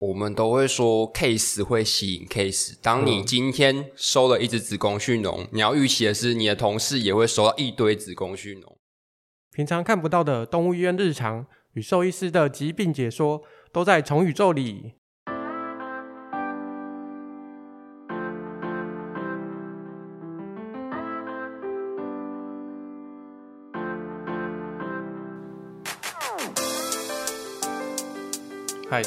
我們都會說 case 會吸引 case。當你今天收了一隻子宮蓄膿，你要預期的是你的同事也會收到一堆子宮蓄膿。平常看不到的動物醫院日常與獸醫師的疾病解說，都在《寵宇宙裡》。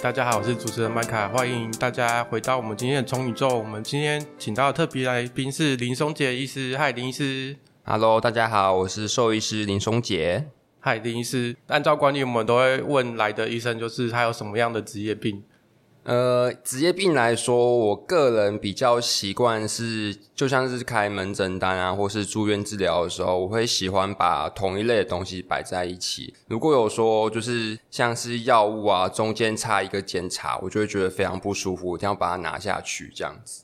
大家好，我是主持人 Micah，歡迎大家回到我們今天的《衝宇宙》。我們今天請到的特別來賓是林松頡醫師。嗨，林醫師。Hello，大家好，我是獸醫師林松頡，嗨，林醫師。按照慣例，我們都會問來的醫生，就是他有什麼樣的職業病？呃，職業病來說，我個人比較習慣是，就像是開門診單啊，或是住院治療的時候，我會喜歡把同一類的東西擺在一起。如果有說就是像是藥物啊，中間插一個檢查，我就會覺得非常不舒服，我一定要把它拿下去這樣子。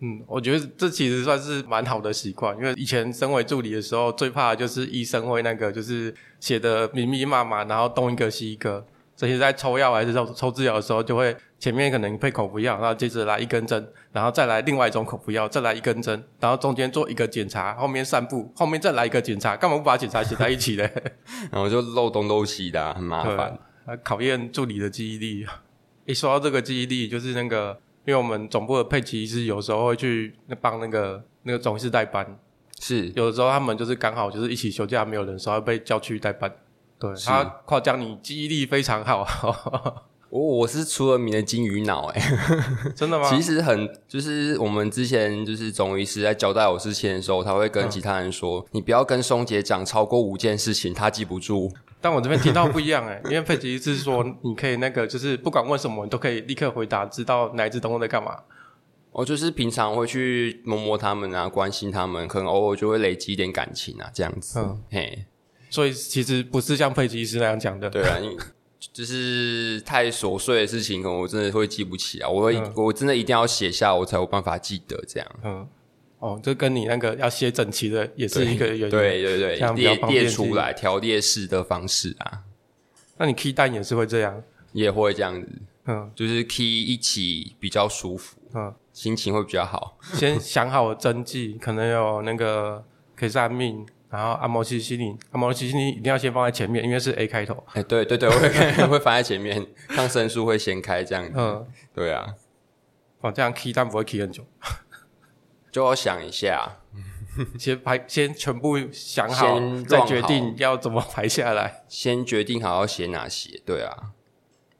嗯，我覺得這其實算是蠻好的習慣，因為以前身為助理的時候，最怕的就是醫生會那個就是寫的密密麻麻，然後東一個西一個。這些在抽藥還是抽抽治療的時候，時候就會前面可能配口服藥，然後接着來一根針，然後再來另外一種口服藥，再來一根針，然後中間做一個檢查，後面散步，後面再來一個檢查，幹嘛不把檢查寫在一起嘞？ 然後就漏東漏西的、啊，很麻煩、啊。考驗助理的記憶力。 一說到這個記憶力，就是那個，因為我們總部的佩奇是有時候會去幫那個那個總是代班，是，有的時候他們就是剛好就是一起休假，沒有人，所以被叫去代班。對，他誇獎你記憶力非常好，呵呵我、我是出了名的金魚腦哎、欸， 真的嗎？其實很就是我們之前就是總醫師在交代我事情的時候，他會跟其他人說，嗯、你不要跟松頡講超過五件事情，他記不住。但我這邊聽到不一樣哎、欸， 因為佩吉醫師說你可以那個就是不管問什麼，你都可以立刻回答，知道哪只動物在幹嘛、嗯。我就是平常會去摸摸他們啊，關心他們，可能偶爾就會累積一點感情啊，這樣子。嗯，嘿。所以其實不是像佩奇醫師那樣講的。對啊， 你就是太瑣碎的事情，可能我真的會記不起啊，我會、嗯、我真的一定要寫下，我才有辦法記得這樣。嗯，哦，這跟你那個要寫整齊的也是一個原因。對對，對對，列列出來，條列式的方式啊。那你 K 單也是會這樣？也會這樣子。嗯，就是 K 一起比較舒服。嗯，心情會比較好。先想好針劑， 可能有那個可以算命。然後阿莫西西林，阿莫西西林一定要先放在前面，因為是 A 開頭。哎、欸，對對對，會 會放在前面。抗生素會先開這樣子。嗯，對啊。哦，這樣 key，但不會 key 很久，就要想一下，先排先全部想好， 好，再決定要怎麼排下來。先決定好要寫哪些。對啊。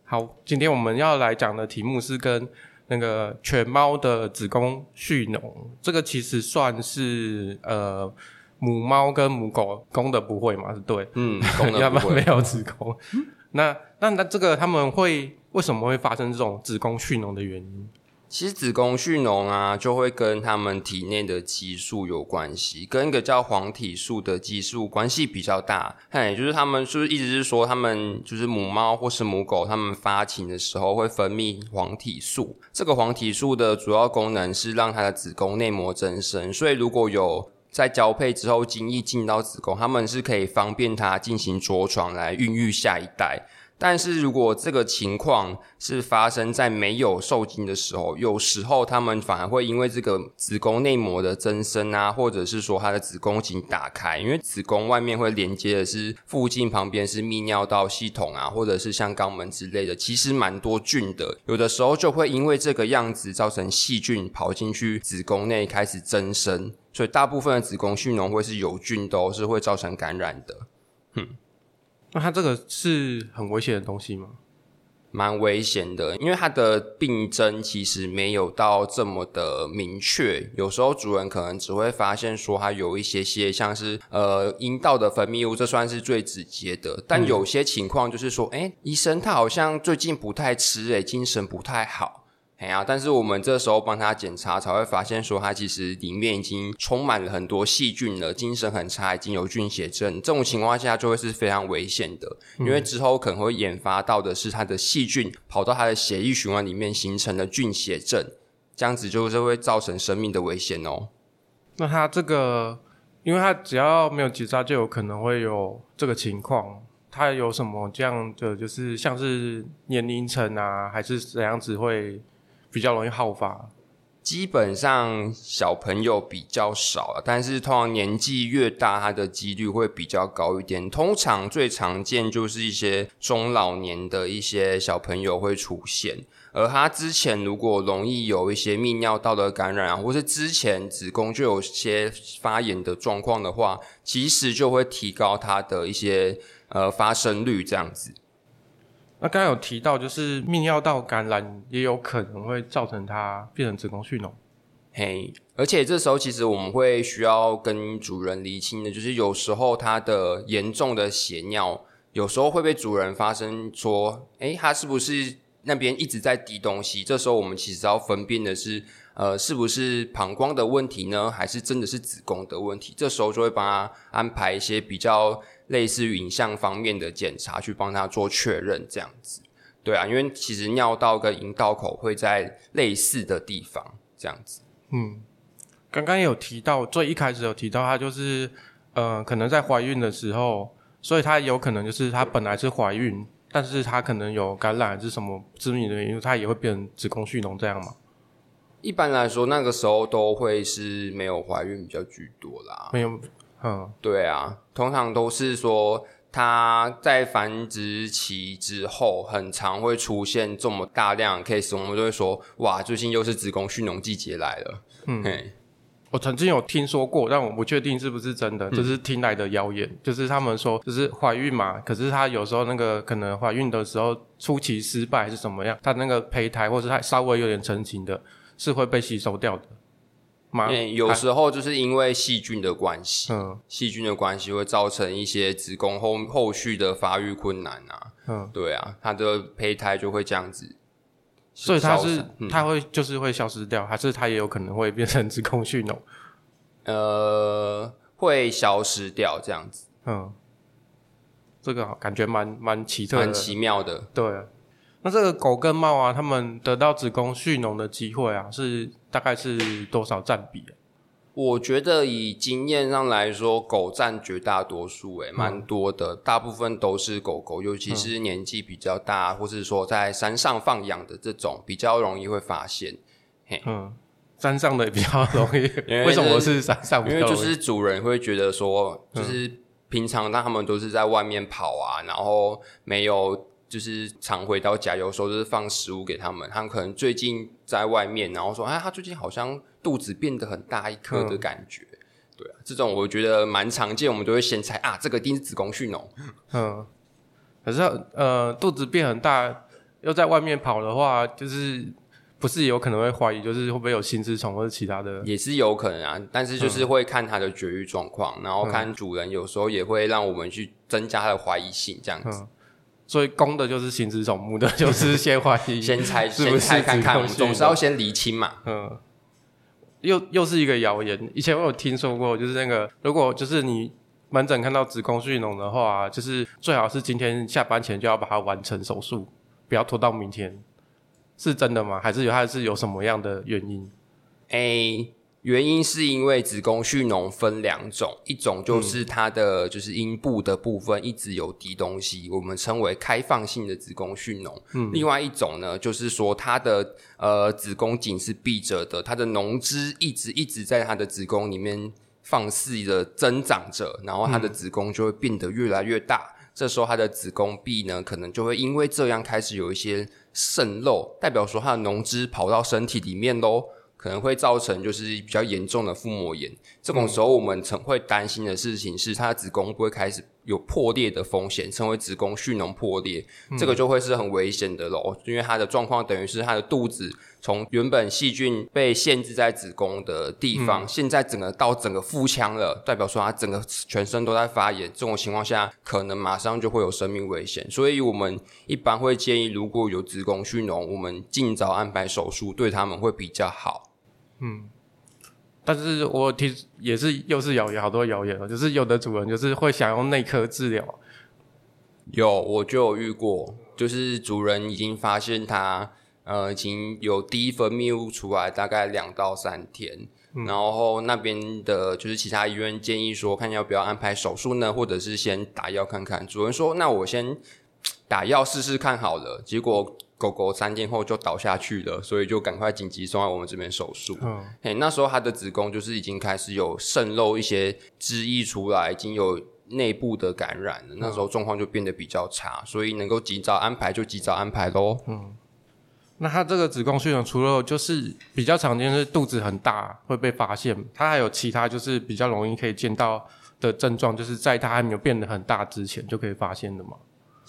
好，今天我們要來講的題目是跟那個犬貓的子宮蓄膿，這個其實算是呃。母貓跟母狗，公的不會嗎？是對，嗯，公的不會， 要不然沒有子宮 那那那這個他們會為什麼會發生這種子宮蓄膿的原因？其實子宮蓄膿啊，就會跟他們體內的激素有關係，跟一個叫黃體素的激素關係比較大。哎，就是他們就是一直是說，他們就是母貓或是母狗，他們發情的時候會分泌黃體素。這個黃體素的主要功能是讓它的子宮內膜增生，所以如果有，在交配之後，精液進到子宮，他們是可以方便他進行着床來孕育下一代。但是如果這個情況是發生在沒有受精的時候，有時候他們反而會因為這個子宮內膜的增生啊，或者是說它的子宮頸打開，因為子宮外面會連接的是附近旁邊是泌尿道系統啊，或者是像肛門之類的，其實蠻多菌的。有的時候就會因為這個樣子造成細菌跑進去子宮內開始增生，所以大部分的子宮蓄膿會是有菌都、哦、是會造成感染的，哼。那它這個是很危險的東西嗎？蠻危險的，因為它的病徵其實沒有到這麼的明確。有時候主人可能只會發現說，它有一些些像是呃陰道的分泌物，這算是最直接的。但有些情況就是說，哎、嗯欸，醫生他好像最近不太吃哎、欸，精神不太好。哎呀、啊！但是我們這時候幫他檢查，才會發現說他其實裡面已經充滿了很多細菌了，精神很差，已經有菌血症。這種情況下就會是非常危險的。嗯，因為之後可能會引發到的是他的細菌跑到他的血液循環裡面，形成了菌血症，這樣子就是會造成生命的危險哦。那他這個，因為他只要沒有結紮，就有可能會有這個情況。他有什麼這樣的，就是像是年齡層啊，還是怎樣子會？比較容易好發，基本上小朋友比較少啊，但是通常年紀越大，他的幾率會比較高一點。通常最常見就是一些中老年的一些小朋友會出現，而他之前如果容易有一些泌尿道的感染啊，或是之前子宮就有些發炎的狀況的話，其實就會提高他的一些，呃，發生率這樣子。那剛剛有提到，就是泌尿道感染也有可能會造成它變成子宮蓄膿。嘿，而且這時候其實我們會需要跟主人釐清的，就是有時候它的嚴重的血尿，有時候會被主人發生說，哎、欸，它是不是那邊一直在滴東西？這時候我們其實要分辨的是。呃，是不是膀胱的問題呢？還是真的是子宮的問題？這時候就會幫他安排一些比較類似於影像方面的檢查，去幫他做確認，這樣子。對啊，因為其實尿道跟陰道口會在類似的地方，這樣子。嗯，剛剛有提到，最一開始有提到，他就是，呃，可能在懷孕的時候，所以他有可能就是他本來是懷孕，但是他可能有感染還是什麼致命的原因，他也會變成子宮蓄膿這樣嘛？一般來說，那個時候都會是沒有懷孕比較居多啦。沒有，嗯，對啊，通常都是說他在繁殖期之後，很常會出現這麼大量的 case，我們就會說，哇，最近又是子宮蓄膿季節來了。嗯、hey，我曾經有聽說過，但我不確定是不是真的，就是聽來的謠言、嗯，就是他們說就是懷孕嘛，可是他有時候那個可能懷孕的時候初期失敗還是怎麼樣，他那個胚胎或是他稍微有點成型的。是會被吸收掉的，有時候就是因為細菌的關係，嗯，細菌的關係會造成一些子宮後後續的發育困難啊，嗯，對啊，它的胚胎就會這樣子，所以它是它、嗯、會就是會消失掉，還是它也有可能會變成子宮蓄膿？呃，會消失掉這樣子，嗯，這個感覺蠻蠻奇特的、蠻奇妙的，對。那這個狗跟貓啊，他們得到子宮蓄膿的機會啊，是大概是多少佔比？我覺得以經驗上來說，狗佔絕大多數、欸，哎，蠻多的，大部分都是狗狗，尤其是年紀比較大，嗯，或是說在山上放養的這種，比較容易會發現。嘿，嗯，山上的也比較容易， 為什麼是山上？因為就是，因為就是主人會覺得說，就是平常他們都是在外面跑啊，嗯、然後沒有。就是常回到家，有時候就是放食物給他們。他們可能最近在外面，然後說：“哎、啊，他最近好像肚子變得很大一顆的感覺。嗯”對啊，這種我覺得蠻常見，我們都會先猜啊，這個一定是子宮蓄膿。嗯，可是呃，肚子變很大又在外面跑的話，就是不是有可能會懷疑，就是會不會有心絲蟲或者其他的？也是有可能啊，但是就是會看它的絕育狀況、嗯，然後看主人，有時候也會讓我們去增加他的懷疑性這樣子。嗯嗯所以公的就是行屍走目的，就是先懷疑、 先拆、先拆看看，總是要先釐清嘛。嗯，又又是一個謠言。以前我有聽說過，就是那個如果就是你門診看到子宮蓄膿的話，啊，就是最好是今天下班前就要把它完成手術，不要拖到明天。是真的嗎？還是有還是有什麼樣的原因？誒、欸。原因是因為子宮蓄膿分兩種，一種就是它的就是陰部的部分一直有滴東西，嗯、我們稱為開放性的子宮蓄膿；另外一種呢，就是說它的呃子宮頸是閉着的，它的膿汁一直一直在它的子宮裡面放肆的增長着，然後它的子宮就會變得越來越大，嗯、這時候它的子宮壁呢，可能就會因為這樣開始有一些滲漏，代表說它的膿汁跑到身體裡面嘍。可能會造成就是比較嚴重的腹膜炎。這種時候，我們常會擔心的事情是，他的子宮會開始有破裂的風險，稱為子宮蓄膿破裂，嗯，這個就會是很危險的嘍，因為他的狀況等於是他的肚子從原本細菌被限制在子宮的地方，嗯，現在整個到整個腹腔了，代表說他整個全身都在發炎，這種情況下可能馬上就會有生命危險，所以我們一般會建議，如果有子宮蓄膿，我們盡早安排手術，對他們會比較好。嗯。但是我提也是又是謠言，好多謠言了，就是有的主人就是會想用內科治療，有我就有遇過，就是主人已經發現它，呃，已經有低分泌物出來大概兩到三天，嗯，然後那邊的就是其他醫院建議說看要不要安排手術呢，或者是先打藥看看，主人說那我先打藥試試看好了，結果，狗狗三天後就倒下去了，所以就趕快緊急送到我們這邊手術。嗯，哎、hey，那時候它的子宮就是已經開始有滲漏一些汁液出來，已經有內部的感染了。那時候狀況就變得比較差，嗯，所以能夠及早安排就及早安排咯。嗯，那它這個子宮蓄膿除了就是比較常見是肚子很大會被發現，它還有其他就是比較容易可以見到的症狀，就是在它還沒有變得很大之前就可以發現的嘛。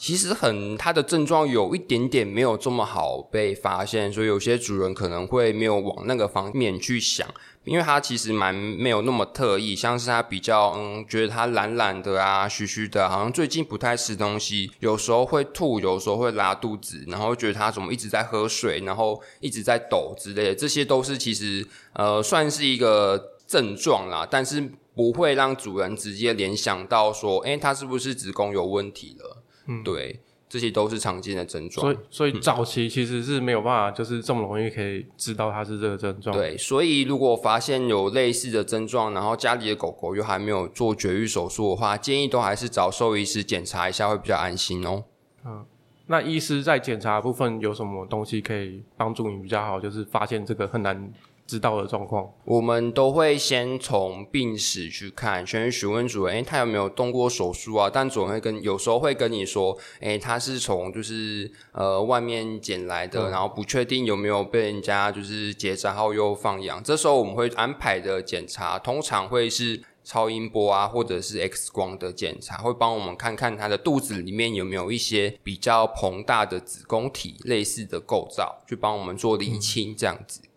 其實很，它的症狀有一點點沒有這麼好被發現，所以有些主人可能會沒有往那個方面去想，因為它其實蠻沒有那麼特異，像是它比較嗯，覺得它懶懶的啊，噓噓的，啊，好像最近不太吃東西，有時候會吐，有時候會拉肚子，然後覺得它怎麼一直在喝水，然後一直在抖之類的，這些都是其實呃算是一個症狀啦，但是不會讓主人直接聯想到說，哎、欸，它是不是子宮有問題了？嗯，對，這些都是常見的症狀，所以所以早期其實是沒有辦法，就是這麼容易可以知道它是這個症狀。嗯，對，所以如果發現有類似的症狀，然後家裡的狗狗又還沒有做絕育手術的話，建議都還是找獸醫師檢查一下，會比較安心哦。嗯，那醫師在檢查部分有什麼東西可以幫助你比較好，就是發現這個很難知道的狀況，我們都會先從病史去看，先詢問，問主人、欸，他有沒有動過手術啊？但主人會跟，有時候會跟你說，誒、欸，他是從就是呃外面撿來的，嗯，然後不確定有沒有被人家就是結紮後又放養。這時候我們會安排的檢查，通常會是超音波啊，或者是 X 光的檢查，會幫我們看看他的肚子裡面有沒有一些比較膨大的子宮體、嗯、類似的構造，去幫我們做釐清這樣子。嗯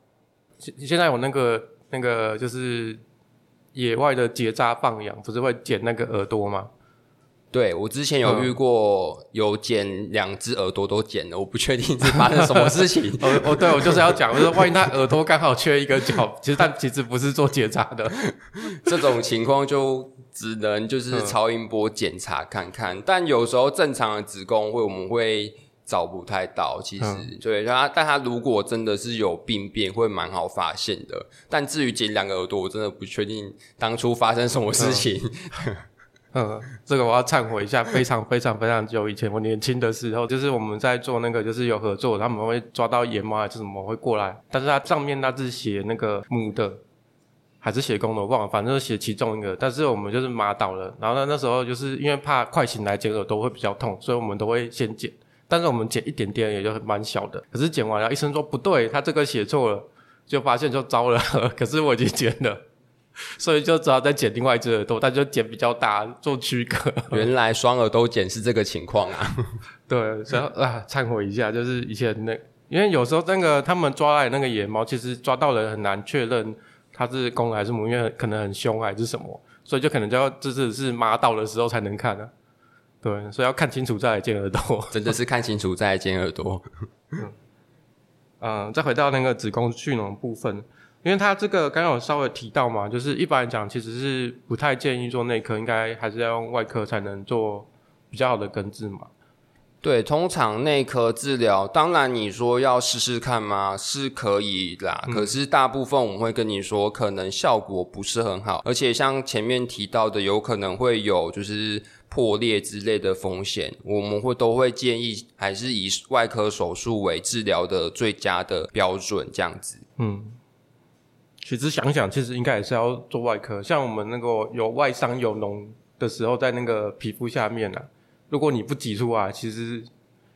現在有那個那個就是野外的結紮放養，不是會剪那個耳朵嗎？對，我之前有遇過，有剪兩隻耳朵都剪了，嗯，我不確定是發生什麼事情。哦 哦，對，我就是要講，我說萬一他耳朵剛好缺一個角，其實他其實不是做結紮的，這種情況就只能就是超音波檢查看看。嗯、但有時候正常的子宮會我們會。找不太到，其實、嗯、對，然後但他如果真的是有病變，會蠻好發現的。但至於剪兩個耳朵，我真的不確定當初發生什麼事情，嗯 嗯。嗯，這個我要懺悔一下，非常非常非常久以前，我年輕的時候，就是我們在做那個，就是有合作，他們會抓到野貓還是什麼會過來，但是他上面那是寫那個母的，還是寫公的，我忘了，反正寫其中一個。但是我們就是麻倒了，然後呢那，那時候就是因為怕快醒來剪耳朵會比較痛，所以我們都會先剪。但是我們剪一點點也就蠻小的，可是剪完了，醫生說不對，他這個寫錯了，就發現就糟了。呵呵，可是我已經剪了，所以就只好再剪另外一隻耳朵，但就剪比較大做區隔。原來雙耳都剪是這個情況啊？ 對，所以啊，懺、 啊、悔一下，就是以前那，因為有時候那個他們抓來那個野貓，其實抓到人很難確認它是公還是母，因為可能很兇還是什麼，所以就可能就要這次是麻醉的時候才能看啊。對，所以要看清楚再來剪耳朵， 真的是看清楚再來剪耳朵。 嗯、呃，再回到那個子宮蓄膿部分，因為它這個剛剛有稍微提到嘛，就是一般來講其實是不太建議做內科，應該還是要用外科才能做比較好的根治嘛。對，通常內科治療，當然你說要試試看嗎？是可以啦，嗯，可是大部分我們會跟你說，可能效果不是很好，而且像前面提到的，有可能會有就是破裂之類的風險，我們會都會建議還是以外科手術為治療的最佳的標準這樣子。嗯，其實想想，其實應該也是要做外科，像我們那個有外傷有膿的時候，在那個皮膚下面啊。如果你不切除啊，其實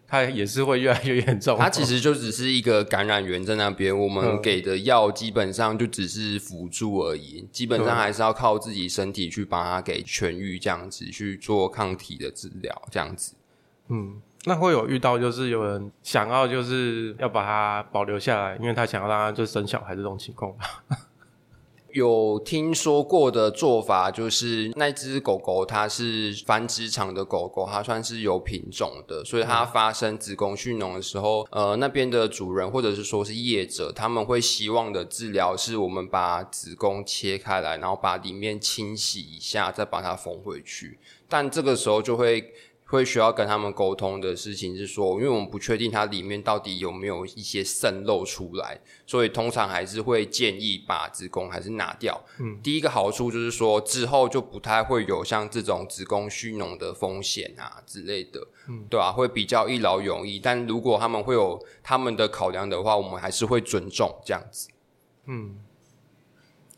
它也是會越來越嚴重。它其實就只是一個感染源在那邊，我們給的藥基本上就只是輔助而已，基本上還是要靠自己身體去把它給痊癒這樣子，去做抗體的治療這樣子。嗯，那會有遇到就是有人想要就是要把它保留下來，因為他想要讓他就生小孩這種情況吧 有聽說過的做法就是，那隻狗狗它是繁殖場的狗狗，它算是有品種的，所以它發生子宮蓄膿的時候，呃，那邊的主人或者是說是業者，他們會希望的治療是我們把子宮切開來，然後把裡面清洗一下，再把它縫回去，但這個時候就會。會需要跟他們溝通的事情是說，因為我們不確定它裡面到底有沒有一些滲漏出來，所以通常還是會建議把子宮還是拿掉。嗯，第一個好處就是說之後就不太會有像這種子宮蓄膿的風險啊之類的，嗯，對吧、啊？會比較一勞永逸。但如果他們會有他們的考量的話，我們還是會尊重這樣子。嗯。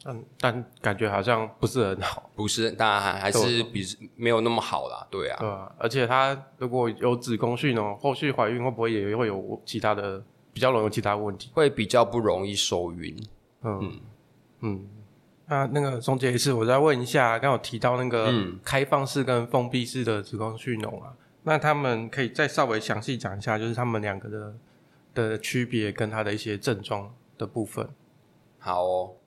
嗯，但感覺好像不是很好，不是，但還，還是比、啊、沒有那麼好啦，對啊。對啊，而且他如果有子宮蓄膿，後續懷孕會不會也會有其他的比較容易有其他的問題，會比較不容易受孕。嗯嗯，嗯，那那個總結一次，我再問一下，剛，剛有提到那個開放式跟封閉式的子宮蓄膿啊、嗯，那他們可以再稍微詳細講一下，就是他們兩個的的區別，跟它的一些症狀的部分。好、哦。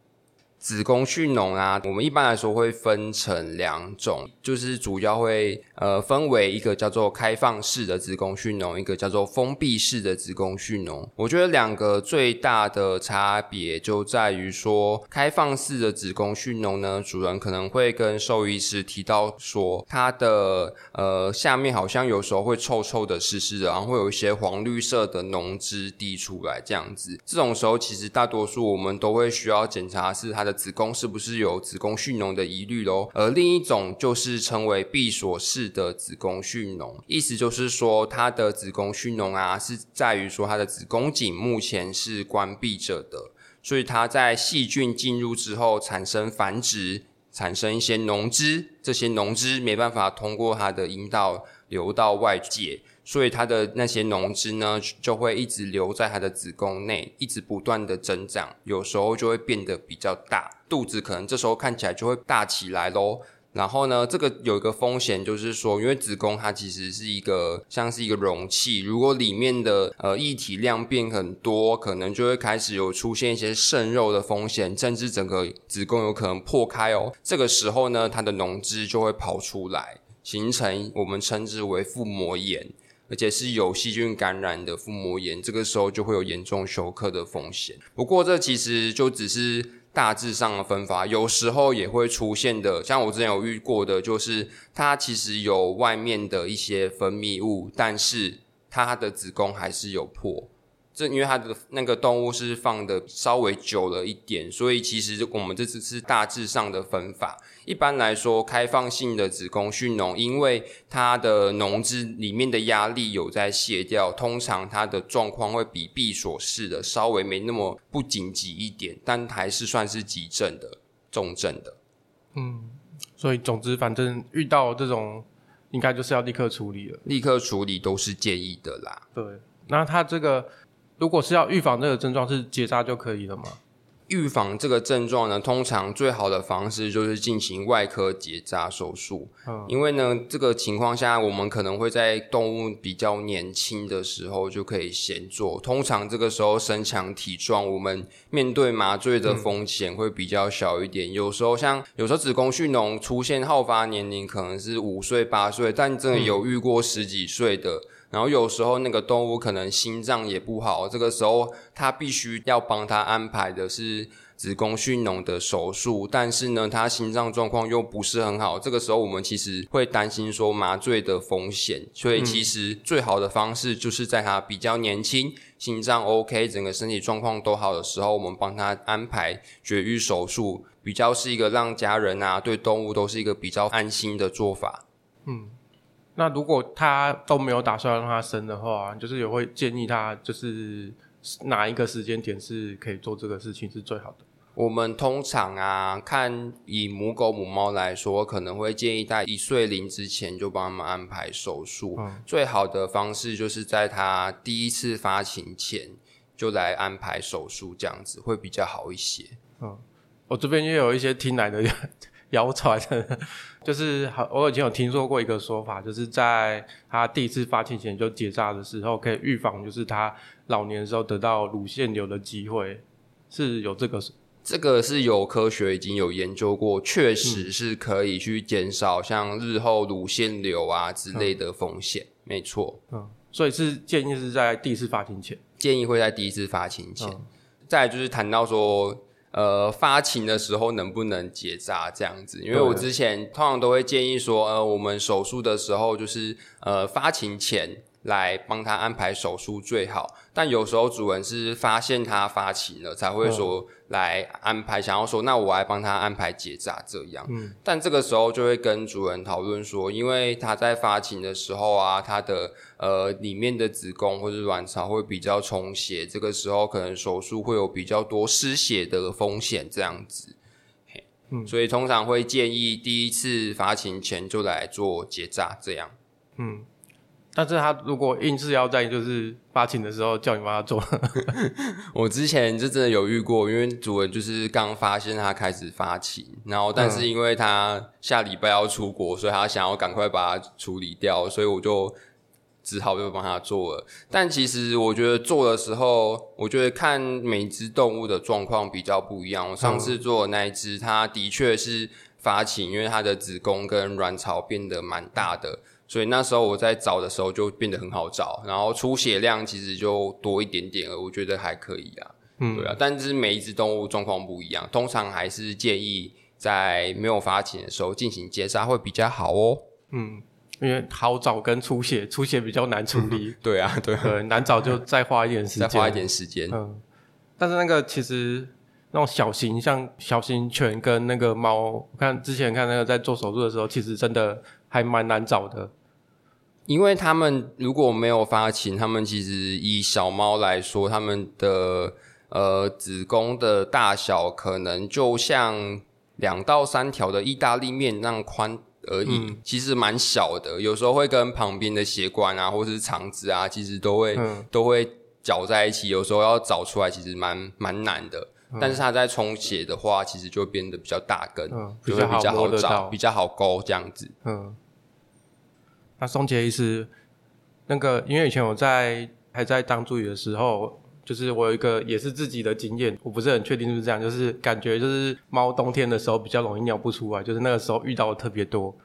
子宮蓄膿啊，我們一般來說會分成兩種，就是主要會呃分為一個叫做開放式的子宮蓄膿，一個叫做封閉式的子宮蓄膿。我覺得兩個最大的差別就在於說，開放式的子宮蓄膿呢，主人可能會跟獸醫師提到說，它的呃下面好像有時候會臭臭的、濕濕的，然後會有一些黃綠色的膿汁滴出來這樣子。這種時候，其實大多數我們都會需要檢查是它的。子宮是不是有子宮蓄膿的疑慮嘍？而另一種就是稱為閉鎖式的子宮蓄膿，意思就是說它的子宮蓄膿啊，是在於說它的子宮頸目前是關閉着的，所以它在細菌進入之後產生繁殖，產生一些膿汁，這些膿汁沒辦法通過它的陰道流到外界。所以他的那些膿汁呢，就會一直留在她的子宮內，一直不斷的增長，有時候就會變得比較大，肚子可能這時候看起來就會大起來咯。然後呢，這個有一個風險就是說，因為子宮它其實是一個像是一個容器，如果裡面的呃液體量變很多，可能就會開始有出現一些滲漏的風險，甚至整個子宮有可能破開哦。這個時候呢，它的膿汁就會跑出來，形成我們稱之為腹膜炎。而且是有細菌感染的腹膜炎，這個時候就會有嚴重休克的風險。不過，這其實就只是大致上的分法，有時候也會出現的，像我之前有遇過的就是，它其實有外面的一些分泌物，但是它的子宮還是有破。這因為它的那個動物是放的稍微久了一點，所以其實我們這次是大致上的分法。一般來說，開放性的子宮蓄膿，因為它的膿汁裡面的壓力有在卸掉，通常它的狀況會比閉鎖式的稍微沒那麼不緊急一點，但還是算是急症的重症的。嗯，所以總之，反正遇到這種，應該就是要立刻處理了。立刻處理都是建議的啦。對，那它這個。嗯如果是要預防這個症狀，是結紮就可以了嗎？預防這個症狀呢，通常最好的方式就是進行外科結紮手術。嗯，因為呢，這個情況下我們可能會在動物比較年輕的時候就可以先做。通常這個時候身強體壯，我們面對麻醉的風險會比較小一點。嗯。有時候像有時候子宮蓄膿出現好發年齡可能是五歲八歲，但真的有遇過十幾歲的。嗯然後有時候那個動物可能心臟也不好，這個時候他必須要幫他安排的是子宮蓄膿的手術，但是呢，他心臟狀況又不是很好，這個時候我們其實會擔心說麻醉的風險，所以其實最好的方式就是在他比較年輕、心臟 OK、整個身體狀況都好的時候，我們幫他安排絕育手術，比較是一個讓家人啊對動物都是一個比較安心的做法。嗯。那如果他都沒有打算讓它生的話，啊，就是也會建議他，就是哪一個時間點是可以做這個事情是最好的。我們通常啊，看以母狗、母貓來說，可能會建議在一歲齡之前就幫他們安排手術。嗯。最好的方式就是在它第一次發情前就來安排手術，這樣子會比較好一些。嗯，我這邊也有一些聽來的。 謠傳， 就是我以前有聽說過一個說法，就是在他第一次發情前就結扎的時候，可以預防，就是他老年的時候得到乳腺瘤的機會是有，這個。這個是有科學已經有研究過，確實是可以去減少像日後乳腺瘤啊之類的風險，嗯。沒錯，嗯，所以是建議是在第一次發情前，建議會在第一次發情前。嗯、再來就是談到說。呃，發情的時候能不能結紮這樣子？因為我之前通常都會建議說，呃，我們手術的時候就是呃，發情前。來幫他安排手術最好，但有時候主人是發現他發情了才會說來安排，嗯、想要說那我來幫他安排結紮這樣。嗯，但這個時候就會跟主人討論說，因為他在發情的時候啊，他的呃裡面的子宮或是卵巢會比較充血，這個時候可能手術會有比較多失血的風險這樣子。嗯、所以通常會建議第一次發情前就來做結紮這樣。嗯。但是他如果硬是要在就是發情的時候叫你幫他做，我之前就真的有遇過，因為主人就是剛發現他開始發情，然後但是因為他下禮拜要出國，所以他想要趕快把它處理掉，所以我就只好就幫他做了。但其實我覺得做的時候，我覺得看每只動物的狀況比較不一樣。我上次做的那一只，他的確是發情，因為他的子宮跟卵巢變得蠻大的。所以那時候我在找的時候就變得很好找，然後出血量其實就多一點點了，我覺得還可以啊。嗯，對啊，但是每一隻動物狀況不一樣，通常還是建議在沒有發情的時候進行結紮會比較好哦。嗯，因為好找跟出血，出血比較難處理。嗯、對啊，對啊、嗯，難找就再花一點時間，再花一點時間。嗯，但是那個其實那種小型像小型犬跟那個貓，我看之前看那個在做手術的時候，其實真的還蠻難找的。因為他們如果沒有發情，他們其實以小貓來說，他們的呃子宮的大小可能就像兩到三條的意大利麵那樣寬而已，嗯、其實蠻小的。有時候會跟旁邊的血管啊，或是腸子啊，其實都會、嗯、都會攪在一起。有時候要找出來，其實蠻蠻難的。嗯、但是它在充血的話，其實就會變得比較大根，就、嗯、會比，比較好找，比較好勾這樣子。嗯那松頡醫師，那個因為以前我在還在當助理的時候，就是我有一個也是自己的經驗，我不是很確定是不是這樣，就是感覺就是貓冬天的時候比較容易尿不出來，就是那個時候遇到的特別多，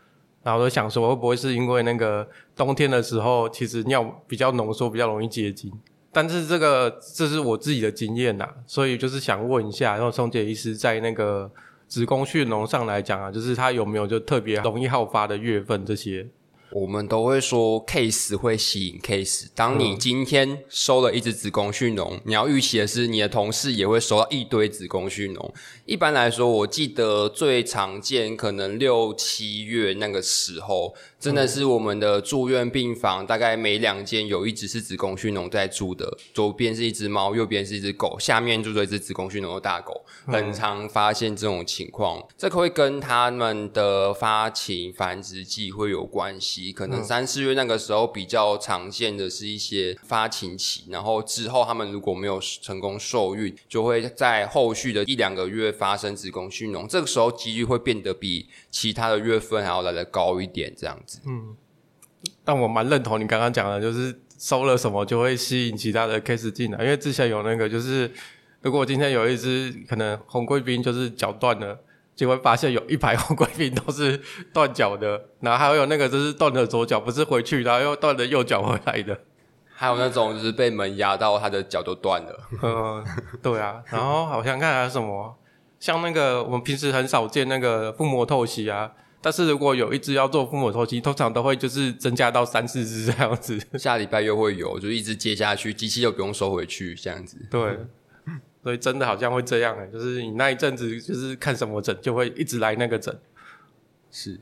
然後我就想說會不會是因為那個冬天的時候，其實尿比較濃縮，比較容易結晶。但是這個這是我自己的經驗吶，所以就是想問一下，然後松頡醫師在那個子宮蓄膿上來講啊，就是他有沒有就特別容易好發的月份這些？我們都會說 case 會吸引 case。當你今天收了一隻子宮蓄膿、嗯，你要預期的是你的同事也會收到一堆子宮蓄膿。一般來說，我記得最常見可能六七月那個時候，真的是我們的住院病房、嗯、大概每兩間有一隻是子宮蓄膿在住的。左邊是一隻貓，右邊是一隻狗，下面住着一隻子宮蓄膿的大狗、嗯。很常發現這種情況，這可、個、會跟他們的發情繁殖季會有關係。可能三四月那個時候比較常見的是一些發情期，然後之後他們如果沒有成功受孕，就會在後續的一兩個月發生子宮蓄膿，這個時候幾率會變得比其他的月份還要來的高一點，這樣子。嗯，但我蠻認同你剛剛講的，就是收了什麼就會吸引其他的 case 進來，因為之前有那個就是，如果今天有一隻可能紅貴賓就是腳斷了。結果發現有一排紅貴賓都是斷腳的，然後還有那個就是斷的左腳，不是回去，然後又斷的右腳回來的，還有那種就是被門壓到，他的腳都斷了、 嗯。對啊。然後好像看還有什麼，像那個我們平時很少見那個腹膜透析啊，但是如果有一隻要做腹膜透析，通常都會就是增加到三四隻這樣子。下禮拜又會有，就一直接下去，機器又不用收回去這樣子。對。所以真的好像會這樣誒、欸，就是你那一陣子就是看什麼診，就會一直來那個診。是，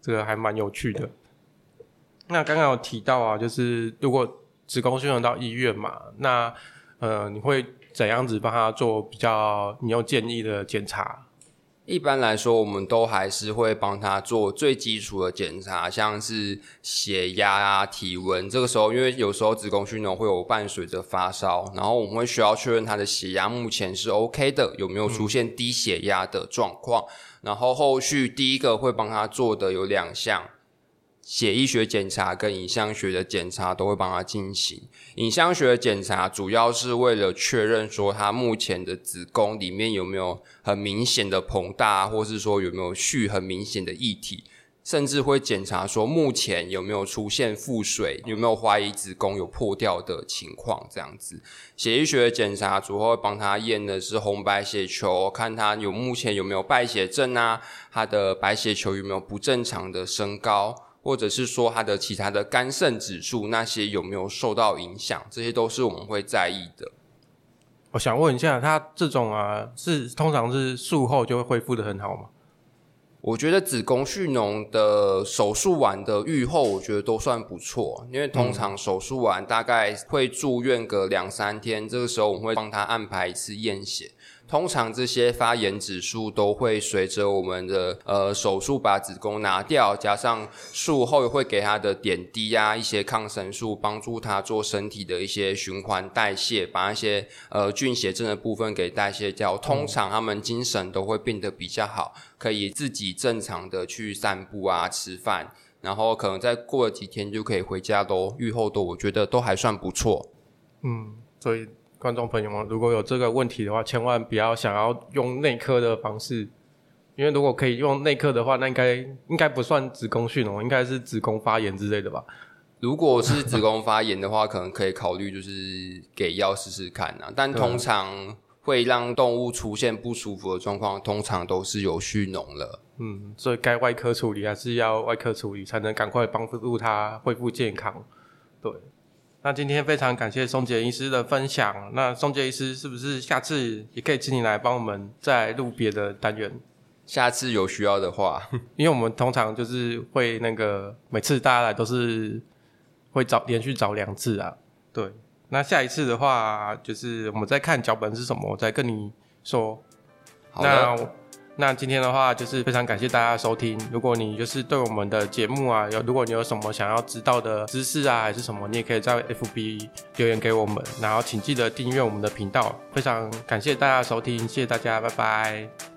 這個還蠻有趣的。那剛剛有提到啊，就是如果子宮蓄膿到醫院嘛，那呃，你會怎樣子幫他做比較？你有建議的檢查？一般來說，我們都還是會幫他做最基礎的檢查，像是血壓啊、體溫。這個時候，因為有時候子宮蓄膿會有伴隨着發燒，然後我們會需要確認他的血壓目前是 OK 的，有沒有出現低血壓的狀況。嗯。然後後續第一個會幫他做的有兩項。血液學檢查跟影像學的檢查都會幫他進行。影像學檢查主要是為了確認說他目前的子宮裡面有沒有很明顯的膨大，或是說有沒有蓄很明顯的液體，甚至會檢查說目前有沒有出現腹水，有沒有懷疑子宮有破掉的情況。這樣子血液學檢查主要會幫他驗的是紅白血球，看他有目前有沒有敗血症啊，他的白血球有沒有不正常的升高。或者是說他的其他的肝腎指數，那些有沒有受到影響，這些都是我們會在意的。我想問一下，他這種啊，是通常是術後就會恢復得很好嗎？我覺得子宮蓄膿的手術完的預後，我覺得都算不錯，因為通常手術完大概會住院個兩三天。嗯，這個時候我們會幫他安排一次驗血。通常這些發炎指數都會隨着我們的呃手術，把子宮拿掉，加上術後會給他的點滴呀、啊、一些抗生素，幫助他做身體的一些循環代謝，把那些呃菌血症的部分給代謝掉。通常他們精神都會變得比較好，可以自己正常的去散步啊、吃飯，然後可能再過了幾天就可以回家嘍。預後的我覺得都還算不錯。嗯，所以。觀眾朋友們，如果有這個問題的話，千萬不要想要用內科的方式，因為如果可以用內科的話，那應該應該不算子宮蓄膿，應該是子宮發炎之類的吧。如果是子宮發炎的話， 可能可以考慮就是給藥試試看啊。但通常會讓動物出現不舒服的狀況，通常都是有蓄膿了。嗯，所以該外科處理還是要外科處理，才能趕快幫助它恢復健康。對。那今天非常感謝松頡醫師的分享。那松頡醫師是不是下次也可以請你來幫我們再錄別的單元？下次有需要的話， 因為我們通常就是會那個每次大家來都是會找連續找兩次啊。對，那下一次的話，就是我們再看腳本是什麼，我再跟你說。好那今天的話就是非常感謝大家收聽。如果你就是對我們的節目啊，有如果你有什麼想要知道的知識啊，還是什麼，你也可以在 FB 留言給我們。然後請記得訂閱我們的頻道。非常感謝大家收聽，謝謝大家，拜拜。